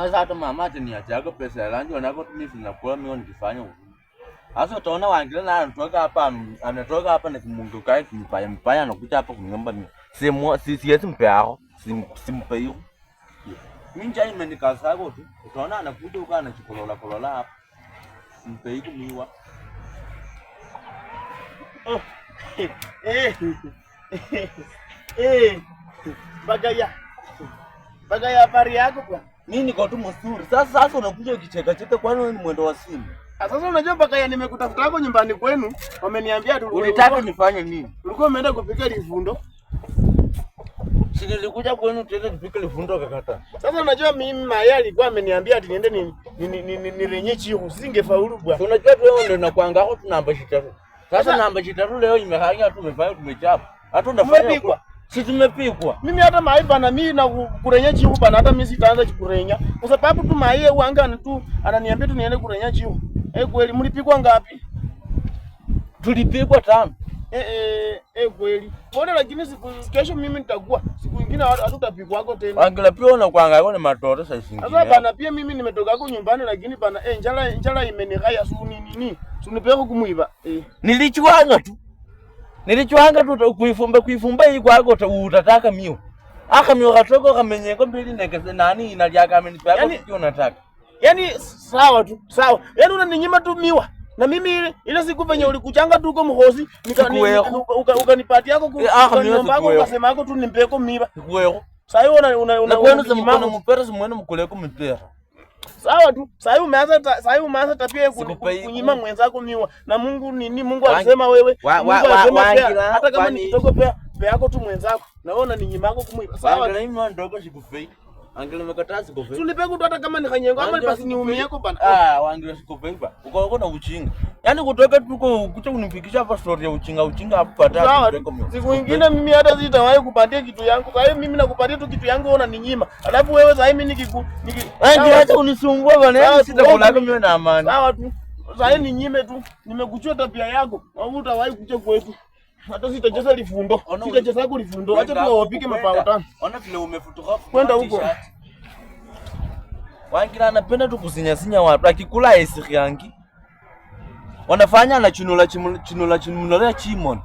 Sasa hata mama ati ni ati yako pesa ya lanji wanako mimi zinakuwa mimi nikifanya huko. Sasa utaona wangine na anatoka hapa anatoka hapa na kimundu kae kimpaya mpaya anakuja hapa kuniomba mimi. Simu si siwezi mpea hao. Simpe hiyo. Mimi njai imenikaza hapo tu. Utaona anakuja huko anachikolola kolola hapa. Simpe hiyo miwa. Oh. Eh. Eh. Bagaya. Bagaya habari yako bwana mimi niko tu mzuri. Sasa sasa unakuja ukicheka cheka, kwani wewe ni mwendo wa simu? Ah, sasa unajua mpaka ya nimekutafuta hapo nyumbani kwenu, wameniambia tu ulitaka nifanye nini? Ulikuwa umeenda kupika livundo. Si nilikuja kwenu tena kupika livundo kakata. Sasa unajua mimi Maya alikuwa ameniambia ati niende ni ni ni, ni, ni, nirenye chio usinge faulu bwana. Unajua tu wewe ndio nakwanga hapo tuna namba 3. Sasa namba 3 leo imehanya tu umefanya tumechapa. Hata unafanya Si tumepikwa. Mimi hata mai bana, mimi na kurenya chiu bana hata mimi sitaanza chikurenya. Kwa sababu tu maiye wanga ni tu ananiambia tu niende kurenya chiu. Eh, kweli mlipikwa ngapi? Tulipikwa tano. Eh eh eh, kweli. Mbona lakini siku kesho mimi nitakuwa siku nyingine hatutapikwa hapo tena. Angela pia una kwanga yako ni matoto sasa hivi. Sasa bana pia mimi nimetoka huko nyumbani lakini bana eh njala njala imenigaya suni nini nini. Sunipeko kumuiba. Eh. Nilichuanga tu nilichwanga tu kuifumba kuifumba hii kwako utataka mio aka mio katoko kamenyeko mbili negeze nani inalia kama ni yani, kwa unataka yani sawa tu sawa yani unaninyima tu miwa na mimi ile ile siku venye hmm. ulikuchanga tu uko mhosi ukanipatia yako kuniomba yako ukasema yako tu nimpeko miwa kuweko sasa hiyo una una una kwenu za mkono mpera simwenu mkuleko mpera Sawa tu. Sasa umeanza sasa umeanza tabia kunyima mwenzako miwa. Na Mungu ni nini? Mungu alisema wewe, Mungu alisema hata kama ni kidogo pia pia yako tu mwenzako. Na wewe unaninyima yako kumwiba. Sawa. Na mimi ndogo sikufei. Angela umekataa sikufei. Tulipe kutu hata kama ni kanyengo ama basi niumie yako bana. Ah, wangela sikufei ba. Uko uko na uchinga. Yaani kutoka tuko kucha kunifikisha hapa story ya uchinga uchinga hapo hata siku nyingine mimi hata sitawahi kupatia kitu yangu. Kwa hiyo mimi nakupatia tu kitu yangu una ninyima. Alafu wewe sasa mimi nikiku niki hata unisumbua bwana. Yaani sitakula mimi na amani. Sawa tu. Sasa ni nyime tu. Nimekuchua tabia yako. Wewe utawahi kucha kwetu. Hata sitacheza lifundo. Sitacheza kwa lifundo. Acha tu wapike mapao tano. Ona vile umefutuka. Kwenda huko. Wangila anapenda tu kusinyasinya watu. Akikula aisikiangi wanafanya na chinula chinula chinula chimon